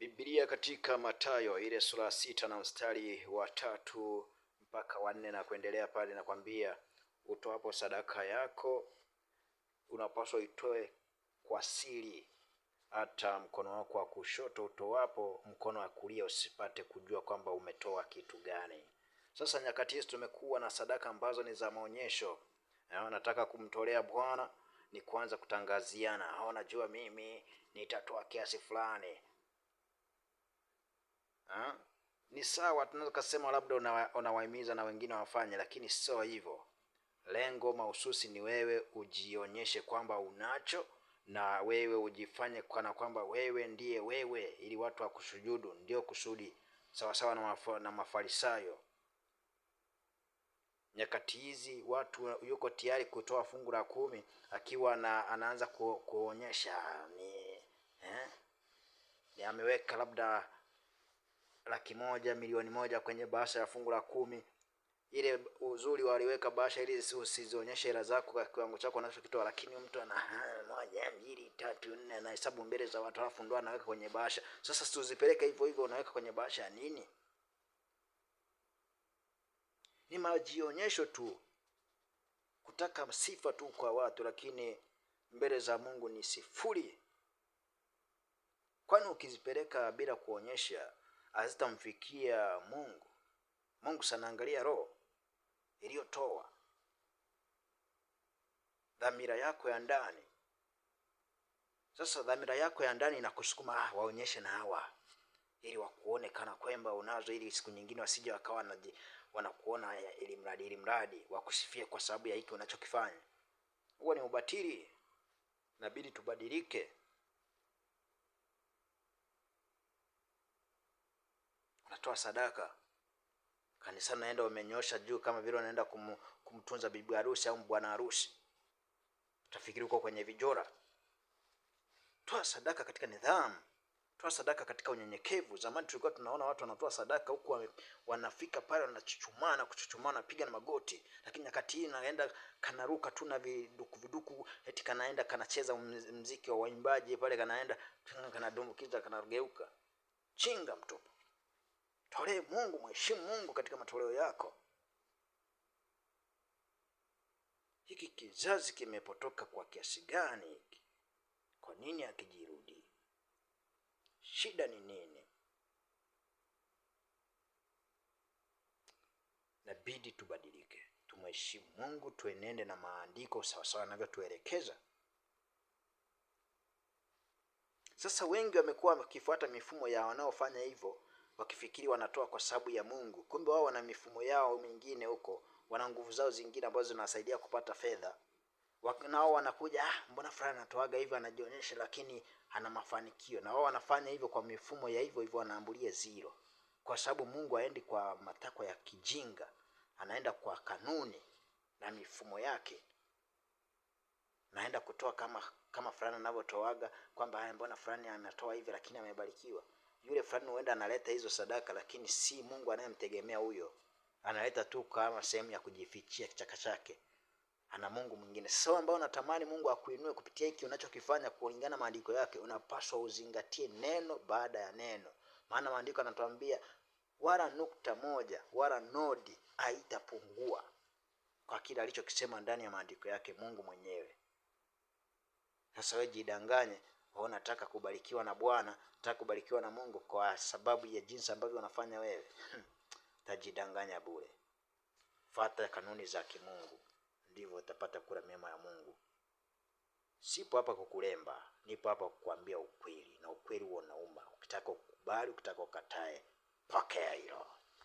Biblia katika Mathayo ile sura ya sita na mstari wa tatu mpaka wanne na kuendelea pale, nakwambia utoapo sadaka yako unapaswa itoe kwa siri, hata mkono wako wa kushoto utoapo, mkono wa kulia usipate kujua kwamba umetoa kitu gani. Sasa nyakati hizi tumekuwa na sadaka ambazo ni za maonyesho. Nataka kumtolea Bwana ni kuanza kutangaziana, najua mimi nitatoa kiasi fulani Ah, ni sawa, tunaweza kusema labda unawahimiza una na wengine wafanye, lakini sio hivyo. Lengo mahususi ni wewe ujionyeshe kwamba unacho na wewe ujifanye kana kwamba wewe ndiye wewe, ili watu wakusujudu. Ndio kusudi sawasawa na, maf na Mafarisayo. Nyakati hizi watu yuko tayari kutoa fungu la kumi akiwa na anaanza ku, kuonyesha ah, ni eh, ameweka labda laki moja milioni moja kwenye bahasha ya fungu la kumi. Ile uzuri waliweka bahasha ili usizionyeshe hela zako kwa kiwango chako unachokitoa, lakini mtu ana ah, moja mbili tatu nne, na hesabu mbele za watu, alafu ndo anaweka kwenye bahasha. Sasa tuzipeleke hivyo hivyo, unaweka kwenye bahasha ya nini? Ni majionyesho tu, kutaka sifa tu kwa watu, lakini mbele za Mungu ni sifuri, kwani ukizipeleka bila kuonyesha hazitamfikia Mungu. Mungu sanaangalia roho iliyotoa dhamira yako ya ndani. Sasa dhamira yako ya ndani inakusukuma ah, waonyeshe na hawa ili wakuonekana kwamba unazo, ili siku nyingine wasije wakawa na wanakuona ili mradi ili mradi wakusifie kwa sababu ya hiki unachokifanya. Huo ni ubatili, inabidi tubadilike. anatoa sadaka kanisa, naenda wamenyosha juu kama vile wanaenda kum, kumtunza bibi harusi au bwana harusi, utafikiri uko kwenye vijora. Toa sadaka katika nidhamu, toa sadaka katika unyenyekevu. Zamani tulikuwa tunaona watu wanatoa sadaka huku wanafika pale wanachuchumaa na kuchuchumaa wanapiga na magoti, lakini nyakati hii naenda kanaruka tu na viduku viduku, eti kanaenda kanacheza mziki wa waimbaji pale, kanaenda kanadumbukiza, kanageuka chinga mtupu. Tolee Mungu, mheshimu Mungu katika matoleo yako. Hiki kizazi kimepotoka kwa kiasi gani hiki? Kwa nini akijirudi Shida ni nini? Nabidi tubadilike, tumheshimu Mungu, tuenende na maandiko sawasawa anavyotuelekeza Sasa wengi wamekuwa wakifuata mifumo ya wanaofanya hivyo wakifikiri wanatoa kwa sababu ya Mungu, kumbe wao wana mifumo yao mingine huko, wana nguvu zao zingine ambazo zinawasaidia kupata fedha. Nao wanakuja ah, mbona fulani anatoaga hivyo, anajionyesha lakini ana mafanikio, na wao wanafanya hivyo kwa mifumo ya hivyo hivyo, wanaambulia zero, kwa sababu Mungu haendi kwa matakwa ya kijinga, anaenda kwa kanuni na mifumo yake naenda kutoa kama kama fulani anavyotoaga, kwamba haya, mbona fulani anatoa hivi lakini amebarikiwa yule fulani huenda analeta hizo sadaka, lakini si Mungu anayemtegemea huyo, analeta tu kama sehemu ya kujifichia kichaka chake, ana mungu mwingine. Sasa ambao unatamani Mungu akuinue kupitia hiki unachokifanya kulingana maandiko yake, unapaswa uzingatie neno baada ya neno, maana maandiko yanatuambia wala nukta moja wala nodi haitapungua kwa kile alichokisema ndani ya maandiko yake Mungu mwenyewe. Sasa wewe jidanganye kwa hiyo nataka kubarikiwa na Bwana, nataka kubarikiwa na Mungu kwa sababu ya jinsi ambavyo unafanya wewe. Hmm. Utajidanganya bure. Fata kanuni za kimungu, ndivyo utapata kula mema ya Mungu. Sipo hapa kukulemba, nipo hapa kukuambia ukweli, na ukweli huo unauma. Ukitaka ukubali, ukitaka ukatae, pokea hilo.